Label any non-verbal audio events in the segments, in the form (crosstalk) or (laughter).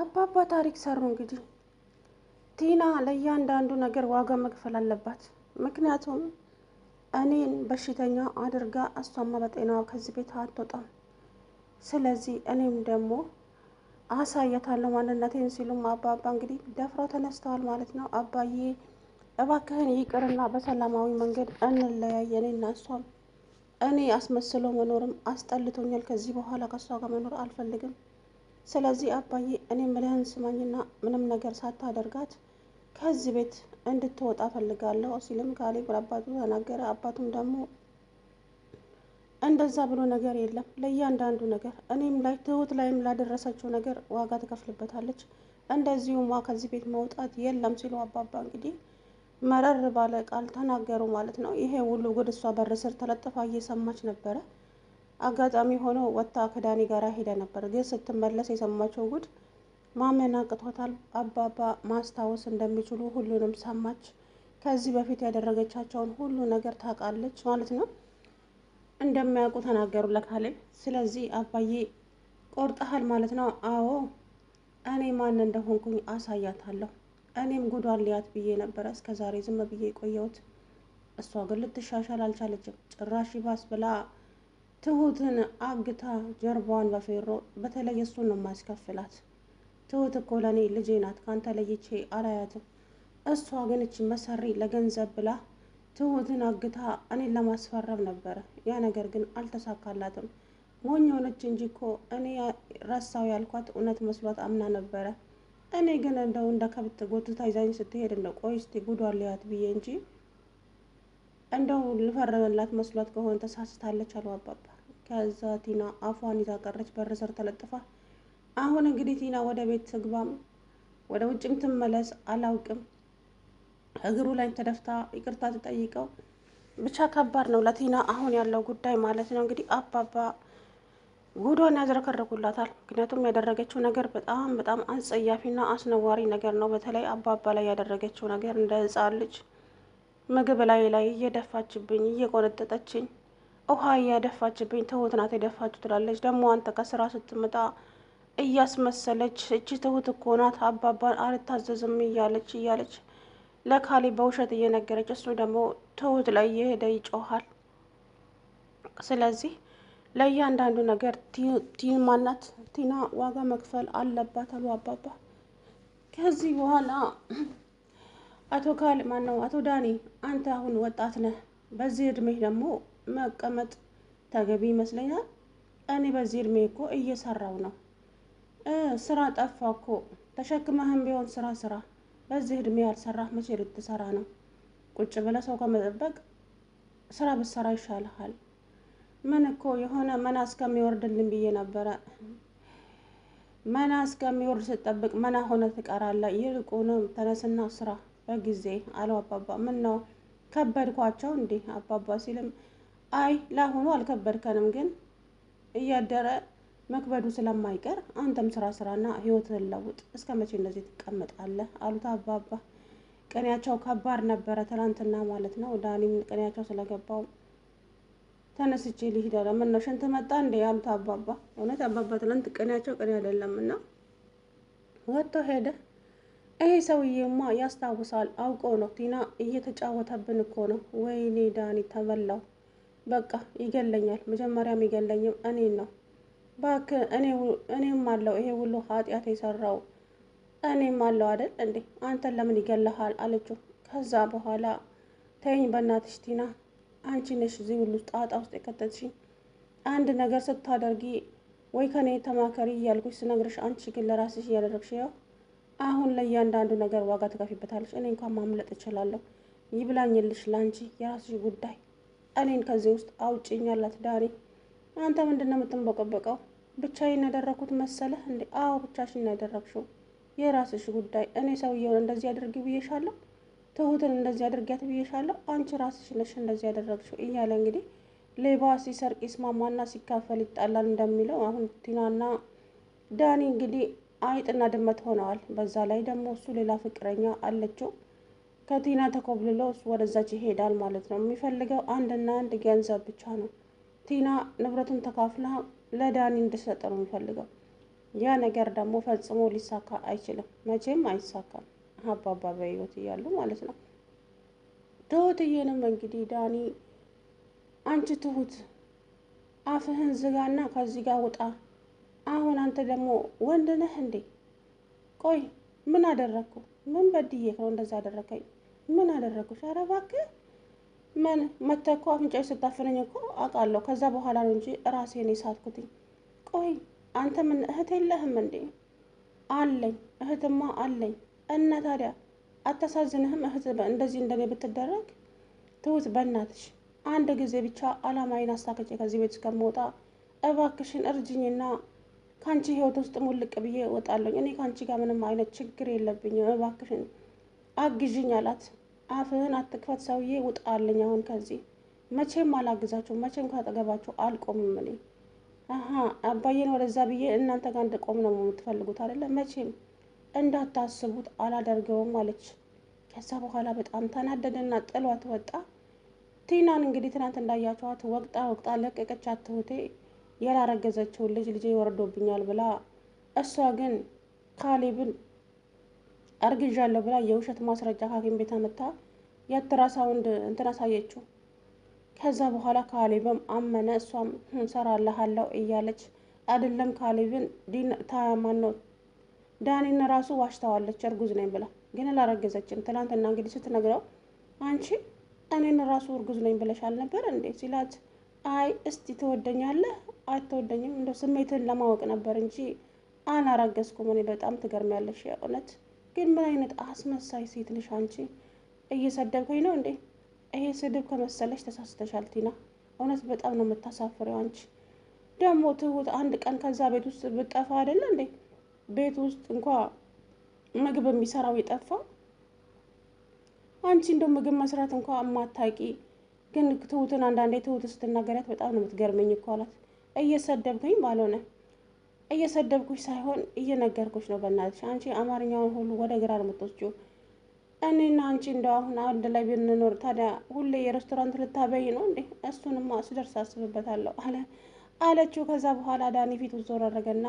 አባባ ታሪክ ሰሩ። እንግዲህ ቲና ለእያንዳንዱ ነገር ዋጋ መክፈል አለባት። ምክንያቱም እኔን በሽተኛ አድርጋ እሷማ በጤናዋ ከዚህ ቤት አትወጣም። ስለዚህ እኔም ደግሞ አሳየታለሁ ማንነቴን ሲሉም አባባ እንግዲህ ደፍረው ተነስተዋል ማለት ነው። አባዬ እባክህን ይቅርና በሰላማዊ መንገድ እንለያይ። እኔና እሷም እኔ አስመስሎ መኖርም አስጠልቶኛል። ከዚህ በኋላ ከእሷ ጋር መኖር አልፈልግም። ስለዚህ አባዬ እኔ ምልህን ስማኝና ምንም ነገር ሳታደርጋት ከዚህ ቤት እንድትወጣ ፈልጋለሁ ሲልም ካሌብ ለአባቱ ተናገረ። አባቱም ደግሞ እንደዛ ብሎ ነገር የለም ለእያንዳንዱ ነገር እኔም ላይ ትሁት ላይም ላደረሰችው ነገር ዋጋ ትከፍልበታለች፣ እንደዚሁም ዋ ከዚህ ቤት መውጣት የለም ሲሉ አባባ እንግዲህ መረር ባለ ቃል ተናገሩ ማለት ነው። ይሄ ሁሉ ጉድ እሷ በር ስር ተለጥፋ እየሰማች ነበረ። አጋጣሚ ሆኖ ወጣ ከዳኒ ጋር ሄደ ነበር። ግን ስትመለስ የሰማቸው ጉድ ማመን አቅቷታል። አባባ ማስታወስ እንደሚችሉ ሁሉንም ሰማች። ከዚህ በፊት ያደረገቻቸውን ሁሉ ነገር ታውቃለች ማለት ነው። እንደማያውቁ ተናገሩ ስለዚህ አባዬ ቆርጠሃል ማለት ነው። አዎ እኔ ማን እንደሆንኩኝ አሳያታለሁ። እኔም ጉዷን ሊያት ብዬ ነበረ እስከ ዛሬ ዝም ብዬ የቆየሁት። እሷ ግን ልትሻሻል አልቻለችም። ጭራሽ ይባስ ብላ ትሁትን አግታ ጀርባዋን በፌሮ በተለይ እሱን ነው የማስከፍላት። ትሁት እኮ ለእኔ ልጄ ናት፣ ካንተ ለይቼ አላያትም። እሷ ግን እች መሰሪ ለገንዘብ ብላ ትሁትን አግታ እኔን ለማስፈረም ነበረ። ያ ነገር ግን አልተሳካላትም። ሞኝ ሆነች እንጂ እኮ እኔ ረሳው ያልኳት እውነት መስሏት አምና ነበረ። እኔ ግን እንደው እንደ ከብት ጎትታ ይዛኝ ስትሄድ እንደ ቆይ እስቲ ጉዷን ሊያት ብዬ እንጂ እንደው ልፈርምላት መስሏት ከሆነ ተሳስታለች አሉ አባባ። ከዛ ቲና አፏን ይዛ ቀረች በር ስር ተለጥፋ። አሁን እንግዲህ ቲና ወደ ቤት ትግባም ወደ ውጭም ትመለስ አላውቅም። እግሩ ላይ ተደፍታ ይቅርታ ትጠይቀው ብቻ ከባድ ነው ለቲና አሁን ያለው ጉዳይ ማለት ነው። እንግዲህ አባባ ጉዶን ያዝረከረኩላታል። ምክንያቱም ያደረገችው ነገር በጣም በጣም አስጸያፊና አስነዋሪ ነገር ነው። በተለይ አባባ ላይ ያደረገችው ነገር እንደ ሕፃን ልጅ ምግብ ላይ ላይ እየደፋችብኝ እየቆነጠጠችኝ ውሃ እያደፋችብኝ ትሁት ናት የደፋችሁ ትላለች። ደግሞ አንተ ከስራ ስትመጣ እያስመሰለች እቺ ትሁት እኮ ናት አባባን አልታዘዝም እያለች እያለች ለካሌ በውሸት እየነገረች እሱ ደግሞ ትሁት ላይ እየሄደ ይጮሃል። ስለዚህ ለእያንዳንዱ ነገር ቲማናት ቲና ዋጋ መክፈል አለባት አሉ አባባ። ከዚህ በኋላ አቶ ካል ማነው አቶ ዳኒ፣ አንተ አሁን ወጣት ነህ። በዚህ እድሜ ደግሞ መቀመጥ ተገቢ ይመስለኛል። እኔ በዚህ እድሜ እኮ እየሰራው ነው። ስራ ጠፋ እኮ ተሸክመህም ቢሆን ስራ ስራ። በዚህ እድሜ ያልሰራህ መቼ ልትሰራ ነው? ቁጭ ብለህ ሰው ከመጠበቅ ስራ ብትሰራ ይሻልሃል። ምን እኮ የሆነ መና እስከሚወርድልን ብዬ ነበረ። መና እስከሚወርድ ስጠብቅ መና ሆነ ትቀራለህ። ይልቁንም ተነስና ስራ በጊዜ አለው አባባ። ምን ነው ከበድኳቸው እንዲህ አባባ ሲልም አይ ለአሁኑ አልከበድከንም፣ ግን እያደረ መክበዱ ስለማይቀር አንተም ስራ ስራና ህይወትን ለውጥ። እስከ መቼ እንደዚህ ትቀመጣለህ? አሉት አባባ። ቅኔያቸው ከባድ ነበረ ትናንትና ማለት ነው። ዳኒም ቅኔያቸው ስለገባው ተነስቼ ልሂድ አለ። ምን ሽንት መጣ እንዴ? ያሉት አባባ። እውነት አባባ ትናንት ቅኔያቸው ቅኔ አይደለም እና ወጥቶ ሄደ። ይሄ ሰውዬማ ያስታውሳል። አውቀው ነው ቲና እየተጫወተብን እኮ ነው። ወይኔ ዳኒ ተበላው። በቃ ይገለኛል። መጀመሪያም ይገለኝም እኔን ነው። ባክ እኔም አለው ይሄ ሁሉ ኃጢአት የሰራው እኔም አለው አይደል እንዴ? አንተን ለምን ይገለሃል? አለችው። ከዛ በኋላ ተይኝ በእናትሽ ቲና፣ አንቺ ነሽ እዚህ ሁሉ ጣጣ ውስጥ የከተትሽኝ። አንድ ነገር ስታደርጊ ወይ ከኔ ተማከሪ እያልኩሽ ስነግርሽ፣ አንቺ ግን ለራስሽ እያደረግሽ ያው አሁን ለእያንዳንዱ ነገር ዋጋ ትከፊበታለች እኔ እንኳን ማምለጥ እችላለሁ። ይብላኝልሽ፣ ለአንቺ የራስሽ ጉዳይ እኔን ከዚህ ውስጥ አውጭኝ አላት ዳኒ። አንተ ምንድን ነው የምትንበቀበቀው? ብቻዬን ያደረኩት መሰለህ እንዴ? አዎ ብቻሽን ያደረግሽው የራስሽ ጉዳይ። እኔ ሰውየውን እንደዚህ አድርጊ ብዬሻለሁ፣ ትሁትን እንደዚህ አድርጊያት ብዬሻለሁ። አንቺ ራስሽ ነሽ እንደዚህ ያደረግሽው እያለ እንግዲህ ሌባ ሲሰርቅ ይስማማና ሲካፈል ይጣላል እንደሚለው አሁን ቲናና ዳኒ እንግዲህ አይጥና ድመት ሆነዋል። በዛ ላይ ደግሞ እሱ ሌላ ፍቅረኛ አለችው። ከቲና ተኮብልሎ ወደዛች ይሄዳል ማለት ነው። የሚፈልገው አንድና አንድ ገንዘብ ብቻ ነው። ቲና ንብረቱን ተካፍላ ለዳኒ እንድሰጥ ነው የሚፈልገው። ያ ነገር ደግሞ ፈጽሞ ሊሳካ አይችልም፣ መቼም አይሳካም። አባባ በህይወት እያሉ ማለት ነው። ትሁትዬንም እንግዲህ ዳኒ አንቺ ትሁት አፍህን ዝጋና ከዚህ ጋር ውጣ። አሁን አንተ ደግሞ ወንድ ነህ እንዴ? ቆይ ምን አደረግኩ? ምን በድዬ ነው እንደዛ አደረከኝ? ምን አደረጉሽ? ኧረ እባክህ ምን መተህ እኮ አፍንጫዬ ስታፍነኝ እኮ አውቃለሁ። ከዛ በኋላ ነው እንጂ ራሴን የሳትኩትኝ። ቆይ አንተ ምን እህት የለህም እንዴ? አለኝ፣ እህትማ አለኝ። እና ታዲያ አታሳዝንህም? እህት እንደዚህ እንደኔ ብትደረግ። ትሁት በእናትሽ አንድ ጊዜ ብቻ አላማዬን አሳክቼ ከዚህ ቤት እስከምወጣ እባክሽን እርጅኝና ከአንቺ ህይወት ውስጥ ሙልቅ ብዬ እወጣለሁ። እኔ ከአንቺ ጋር ምንም አይነት ችግር የለብኝም። እባክሽን አግዥኝ አላት። አፍህን አትክፈት ሰውዬ ውጣልኝ አሁን ከዚህ መቼም አላግዛችሁ፣ መቼም ካጠገባችሁ አልቆምም እኔ አሀ አባዬን ወደዛ ብዬ እናንተ ጋር እንደቆም ነው የምትፈልጉት አይደለ መቼም እንዳታስቡት አላደርገውም አለች ከዛ በኋላ በጣም ተናደደና ጥሏት ወጣ ቲናን እንግዲህ ትናንት እንዳያቸዋት ወቅጣ ወቅጣ ለቀቀች። አትሁቴ ያላረገዘችውን ልጅ ልጄ ወርዶብኛል ብላ እሷ ግን ካሌብን አርግዣለሁ ብላ የውሸት ማስረጃ ሐኪም ቤት አመታ የአልትራሳውንድ እንትን አሳየችው። ከዛ በኋላ ካሌብም አመነ። እሷም ሰራልሃለሁ እያለች አይደለም ካሌብን ታማን ነው ዳኒን ራሱ ዋሽታዋለች እርጉዝ ነኝ ብላ ግን አላረገዘችም። ትናንትና እንግዲህ ስትነግረው አንቺ እኔን ራሱ እርጉዝ ነኝ ብለሽ አልነበር እንዴ ሲላት አይ እስቲ ትወደኛለህ አትወደኝም እንደ ስሜትን ለማወቅ ነበር እንጂ አላረገዝኩም እኔ በጣም ትገርሚያለሽ የእውነት ግን ምን አይነት አስመሳይ ሴት ልሽ አንቺ! እየሰደብከኝ ነው እንዴ? ይሄ ስድብ ከመሰለሽ ተሳስተሻል ቲና። እውነት በጣም ነው የምታሳፍረው አንቺ። ደግሞ ትሁት አንድ ቀን ከዛ ቤት ውስጥ ብጠፋ አይደለ እንዴ? ቤት ውስጥ እንኳ ምግብ የሚሰራው የጠፋ አንቺ እንደው ምግብ መስራት እንኳ የማታውቂ ግን ትሁትን አንዳንዴ ትሁት ስትናገሪያት በጣም ነው የምትገርመኝ እኮ አላት። እየሰደብከኝ ባልሆነ እየሰደብኩሽ ሳይሆን እየነገርኩሽ ነው። በእናትሽ አንቺ አማርኛውን ሁሉ ወደ ግራ ልምጦችው እኔና አንቺ እንደ አሁን አንድ ላይ ብንኖር ታዲያ ሁሌ የሬስቶራንት ልታበይ ነው እንዴ? እሱንማ ስደርስ አስብበታለሁ አለ አለችው። ከዛ በኋላ ዳኒ ፊቱ ዞር አደረገና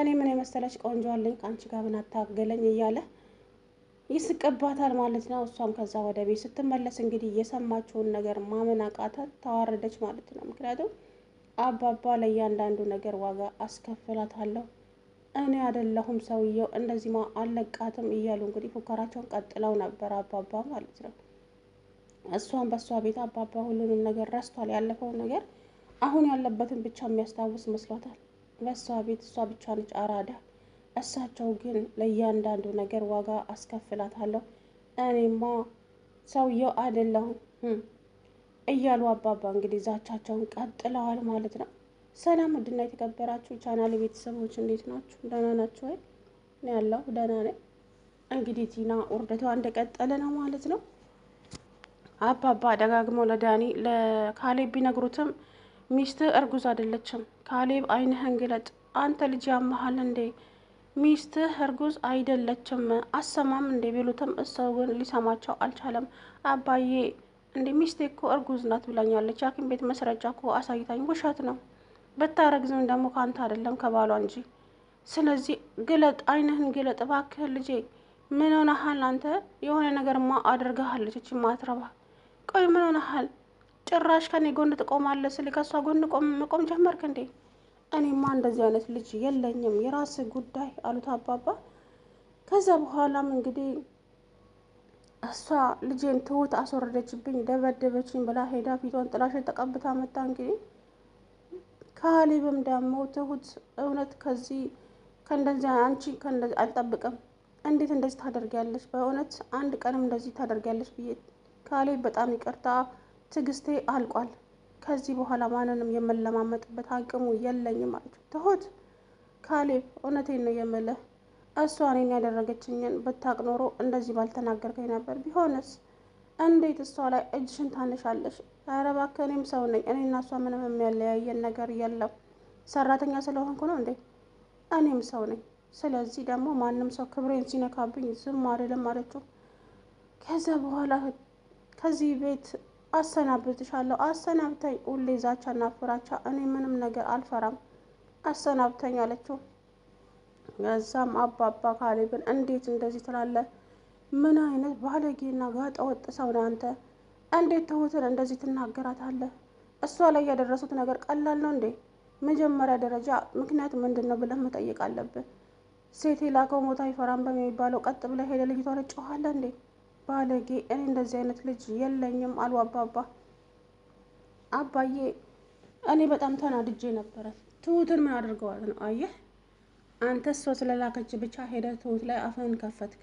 እኔ ምን የመሰለች ቆንጆ አለኝ ከአንቺ ጋር ምን አታገለኝ እያለ ይስቅባታል ማለት ነው። እሷም ከዛ ወደ ቤት ስትመለስ እንግዲህ የሰማችውን ነገር ማመን አቃታት፣ ተዋረደች ማለት ነው። ምክንያቱም አባባ ለእያንዳንዱ ነገር ዋጋ አስከፍላታለሁ፣ እኔ አይደለሁም ሰውየው፣ እንደዚህማ አለቃትም እያሉ እንግዲህ ፉከራቸውን ቀጥለው ነበር አባባ ማለት ነው። እሷን በእሷ ቤት አባባ ሁሉንም ነገር ረስቷል። ያለፈውን ነገር አሁን ያለበትን ብቻ የሚያስታውስ መስሏታል። በእሷ ቤት እሷ ብቻ ነች አራዳ። እሳቸው ግን ለእያንዳንዱ ነገር ዋጋ አስከፍላታለሁ፣ እኔማ ሰውየው አይደለሁም እያሉ አባባ እንግዲህ ዛቻቸውን ቀጥለዋል ማለት ነው። ሰላም ውድና የተከበራችሁ ቻናል ቤተሰቦች እንዴት ናችሁ? ደህና ናችሁ ወይ? እኔ ያለው ደህና ነኝ። እንግዲህ ቲና ውርደቷ እንደቀጠለ ነው ማለት ነው። አባባ ደጋግሞ ለዳኒ ለካሌብ ቢነግሩትም ሚስት እርጉዝ አይደለችም። ካሌብ አይንህን ግለጥ አንተ ልጅ ያመሃል እንዴ ሚስትህ እርጉዝ አይደለችም አሰማም እንዴ ቢሉትም እሰው ግን ሊሰማቸው አልቻለም። አባዬ እንዴ ሚስቴ እኮ እርጉዝ ናት ብላኛለች። ሐኪም ቤት መስረጃ እኮ አሳይታኝ ውሸት ነው። በታረግዝም ደግሞ ከአንተ አይደለም ከባሏ እንጂ። ስለዚህ ግለጥ፣ አይንህን ግለጥ እባክህ ልጄ። ምን ሆነሃል አንተ? የሆነ ነገርማ አድርገሃለች እቺ ማትረባ። ቆይ ምን ሆነሃል? ጭራሽ ከኔ ጎን ትቆማለህ ስል ከእሷ ጎን መቆም ጀመርክ እንዴ? እኔማ እንደዚህ አይነት ልጅ የለኝም፣ የራስህ ጉዳይ አሉት አባባ። ከዛ በኋላም እንግዲህ እሷ ልጄን ትሁት አስወረደችብኝ፣ ደበደበችኝ ብላ ሄዳ ፊቷን ጥላሽን ተቀብታ መጣ። እንግዲህ ካሊብም ደግሞ ትሁት እውነት ከዚህ ከእንደዚህ አንቺ ከእንደዚህ አልጠብቅም፣ እንዴት እንደዚህ ታደርጊያለሽ? በእውነት አንድ ቀንም እንደዚህ ታደርጊያለሽ ብዬ ካሊብ በጣም ይቅርታ፣ ትግስቴ አልቋል። ከዚህ በኋላ ማንንም የምለማመጥበት አቅሙ የለኝም አለች ትሁት። ካሌብ እውነቴን ነው የምልህ እሷ እኔን ያደረገችኝን ብታቅ ኖሮ እንደዚህ ባልተናገርከኝ ነበር። ቢሆንስ እንዴት እሷ ላይ እጅሽን ታነሻለሽ? ኧረ እባክህ እኔም ሰው ነኝ። እኔና እሷ ምንም የሚያለያየን ነገር የለም። ሰራተኛ ስለሆንኩ ነው እንዴ? እኔም ሰው ነኝ። ስለዚህ ደግሞ ማንም ሰው ክብሬን ሲነካብኝ ዝም አልልም አለችው። ከዛ በኋላ ከዚህ ቤት አሰናብትሻለሁ። አሰናብተኝ። ሁሌ ዛቻና ፍራቻ። እኔ ምንም ነገር አልፈራም። አሰናብተኝ አለችው። ከዛም አባባ ካሌብን እንዴት እንደዚህ ትላለህ? ምን አይነት ባለጌና ጋጠ ወጥ ሰው ነህ አንተ? እንዴት ትሁትን እንደዚህ ትናገራታለህ? እሷ ላይ ያደረሱት ነገር ቀላል ነው እንዴ? መጀመሪያ ደረጃ ምክንያት ምንድን ነው ብለን መጠየቅ አለብን። ሴት የላከው ሞታ ይፈራን በሚባለው ቀጥ ብለ ሄደ ልጅቷ ትጮኻለህ እንዴ? ባለጌ! እኔ እንደዚህ አይነት ልጅ የለኝም አሉ አባባ። አባዬ እኔ በጣም ተናድጄ ነበረ። ትሁትን ምን አድርገዋት ነው አየህ አንተ እሷ ስለላከች ብቻ ሄደ ትሁት ላይ አፍህን ከፈትክ።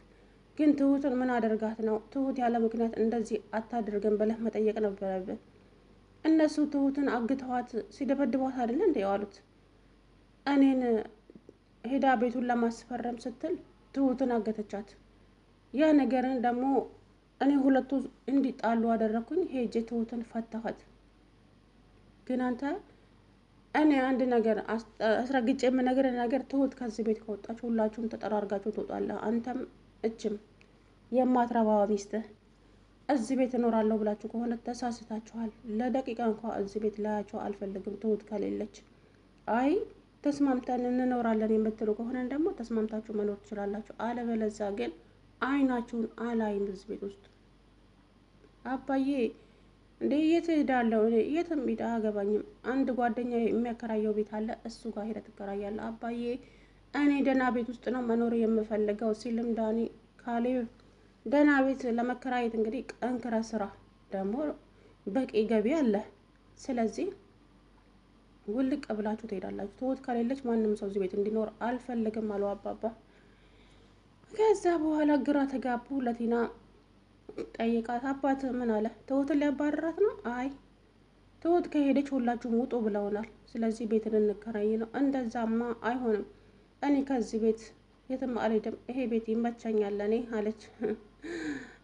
ግን ትሁትን ምን አደርጋት ነው? ትሁት ያለ ምክንያት እንደዚህ አታድርግም ብለህ መጠየቅ ነበረብህ። እነሱ ትሁትን አግተዋት ሲደበድቧት አይደለ እንደ የዋሉት። እኔን ሄዳ ቤቱን ለማስፈረም ስትል ትሁትን አገተቻት። ያ ነገርን ደግሞ እኔ ሁለቱ እንዲጣሉ አደረግኩኝ። ሄጄ ትሁትን ፈታኋት። ግን አንተ እኔ አንድ ነገር አስረግጬ የምነግርህ ነገር ትሁት ከዚህ ቤት ከወጣችሁ ሁላችሁም ተጠራርጋችሁ ትወጣለህ። አንተም እችም የማትረባዋ ሚስትህ እዚህ ቤት እኖራለሁ ብላችሁ ከሆነ ተሳስታችኋል። ለደቂቃ እንኳ እዚህ ቤት ላያቸው አልፈልግም ትሁት ከሌለች። አይ ተስማምተን እንኖራለን የምትሉ ከሆነ ደግሞ ተስማምታችሁ መኖር ትችላላችሁ። አለበለዚያ ግን አይናችሁን አላይም እዚህ ቤት ውስጥ አባዬ እንዴ የት እኔ የትም ሂድ አያገባኝም። አንድ ጓደኛ የሚያከራየው ቤት አለ፣ እሱ ጋር ሄደ ትከራያለህ። አባዬ እኔ ደህና ቤት ውስጥ ነው መኖር የምፈልገው ሲልም ዳኒ ካሌብ ደህና ቤት ለመከራየት እንግዲህ ጠንክረህ ስራ፣ ደግሞ በቂ ገቢ አለ። ስለዚህ ውልቅ ብላችሁ ትሄዳላችሁ። ትሁት ከሌለች ማንም ሰው እዚህ ቤት እንዲኖር አልፈልግም አለው አባባ። ከዛ በኋላ ግራ ተጋቡ ለቲና ጠይቃት። አባት ምን አለ? ትሁትን ሊያባረራት ነው? አይ ትሁት ከሄደች ሁላችሁም ውጡ ብለውናል። ስለዚህ ቤት እንከራይ ነው። እንደዛማ አይሆንም። እኔ ከዚህ ቤት የትም አልሄድም። ይሄ ቤት ይመቸኛል እኔ አለች። (laughs)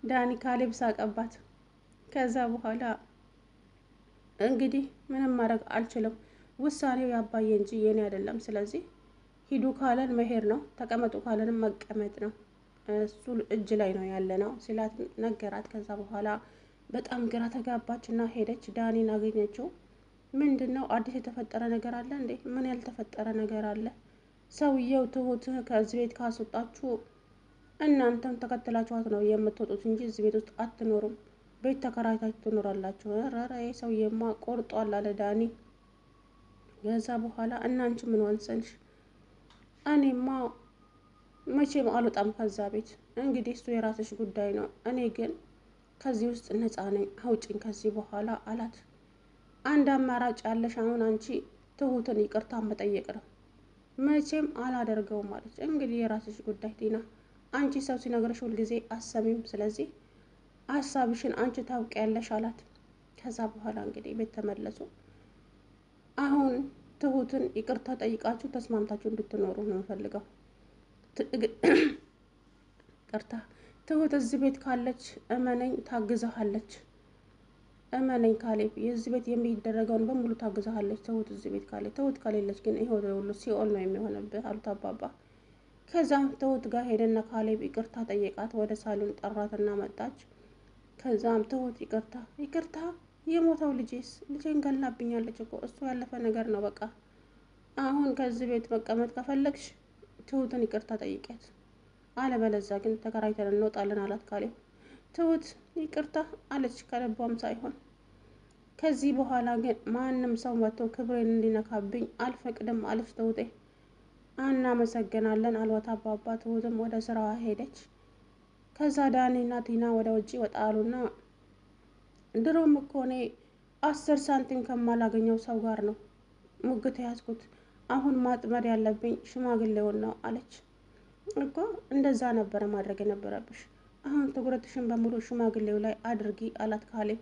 ዳኒ ካሌብ ሳቀባት። ከዛ በኋላ እንግዲህ ምንም ማድረግ አልችልም። ውሳኔው ያባየ እንጂ የኔ አይደለም። ስለዚህ ሂዱ ካለን መሄድ ነው፣ ተቀመጡ ካለንም መቀመጥ ነው እሱ እጅ ላይ ነው ያለ ነው ሲላት ነገራት። ከዛ በኋላ በጣም ግራ ተጋባች እና ሄደች ዳኒን አገኘችው። ምንድን ነው አዲስ የተፈጠረ ነገር አለ እንዴ? ምን ያልተፈጠረ ነገር አለ? ሰውየው ትሁት ከዚህ ቤት ካስወጣችሁ እናንተም ተከትላችኋት ነው የምትወጡት እንጂ እዚህ ቤት ውስጥ አትኖሩም። ቤት ተከራይታችሁ ትኖራላችሁ። ረረ ሰውየማ ቆርጧል አለ ዳኒ። ከዛ በኋላ እናንቺ ምን ዋንሰንሽ? እኔማ መቼም አልወጣም ከዛ ቤት። እንግዲህ እሱ የራስሽ ጉዳይ ነው። እኔ ግን ከዚህ ውስጥ ነፃ ነኝ፣ አውጭኝ ከዚህ በኋላ አላት። አንድ አማራጭ ያለሽ አሁን አንቺ ትሁትን ይቅርታ መጠየቅ ነው። መቼም አላደርገውም አለች። እንግዲህ የራስሽ ጉዳይ ዲና፣ አንቺ ሰው ሲነግረሽ ሁልጊዜ አሰሚም። ስለዚህ ሀሳብሽን አንቺ ያለሽ አላት። ከዛ በኋላ እንግዲህ ቤት ተመለሱ። አሁን ትሁትን ይቅርታ ጠይቃችሁ ተስማምታችሁ እንድትኖሩ ነው የምፈልገው ቅርታ (coughs) ትሁት እዚህ ቤት ካለች እመነኝ ታግዘሃለች። እመነኝ ካሌብ የዚህ ቤት የሚደረገውን በሙሉ ታግዘሃለች። ትሁት እዚህ ቤት ካለች፣ ትሁት ከሌለች ግን ይሄ ሁሉ ሲኦል ነው የሚሆንብህ አሉት አባባ። ከዛም ትሁት ጋር ሄደና ካሌብ ይቅርታ ጠየቃት። ወደ ሳሎን ጠራትና መጣች። ከዛም ትሁት ይቅርታ ይቅርታ የሞተው ልጄስ ልጄን ገላብኛለች እኮ እሱ ያለፈ ነገር ነው። በቃ አሁን ከዚህ ቤት መቀመጥ ከፈለግሽ ትሁትን ይቅርታ ጠይቂያት፣ አለበለዛ ግን ተከራይተን እንወጣለን አላት ካሌብ። ትሁት ይቅርታ አለች ከልቧም ሳይሆን። ከዚህ በኋላ ግን ማንም ሰው መጥቶ ክብሬን እንዲነካብኝ አልፈቅድም አለች ትሁቴ። እናመሰግናለን አልዋት አባባ። ትሁትም ወደ ስራዋ ሄደች። ከዛ ዳኒና ቲና ወደ ውጭ ወጣሉና ድሮም እኮ እኔ አስር ሳንቲም ከማላገኘው ሰው ጋር ነው ሙግት ያዝኩት አሁን ማጥመር ያለብኝ ሽማግሌውን ነው አለች። እኮ እንደዛ ነበረ ማድረግ የነበረብሽ። አሁን ትኩረትሽን በሙሉ ሽማግሌው ላይ አድርጊ አላት ካሌብ።